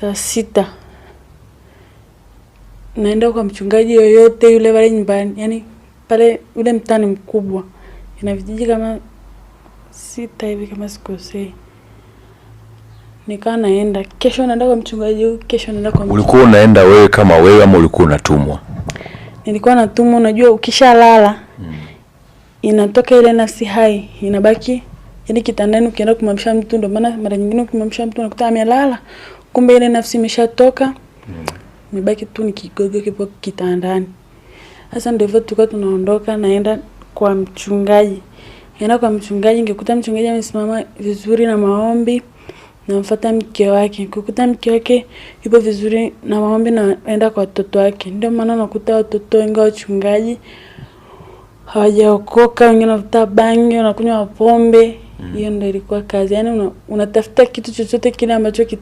saa sita naenda kwa mchungaji yoyote yule pale nyumbani, yani pale ule mtani mkubwa, ina vijiji kama sita hivi kama sikosei. Nikaa naenda kesho, naenda kwa mchungaji huyu, kesho naenda kwa Ulikuwa unaenda wewe kama wewe ama ulikuwa unatumwa? Nilikuwa natumwa. Unajua, ukishalala mm. inatoka ile nafsi hai inabaki, yani kitandani, ukienda kumamsha mtu. Ndio maana mara nyingine ukimamsha mtu unakuta amelala kumbe ile nafsi imeshatoka mm. Mibaki tu ni kigogo kipo kitandani. Sasa ndio hivyo, tulikuwa tunaondoka, naenda kwa mchungaji, naenda kwa mchungaji, ngekuta mchungaji amesimama vizuri na maombi, namfuata mke wake, kukuta mke wake yupo vizuri na maombi, naenda kwa watoto wake. Ndio maana nakuta watoto wengi wachungaji hawajaokoka, wengine wanavuta bangi, wanakunywa pombe. Mm. Hiyo mm. ndo ilikuwa kazi, yaani unatafuta una kitu chochote kile ambacho kita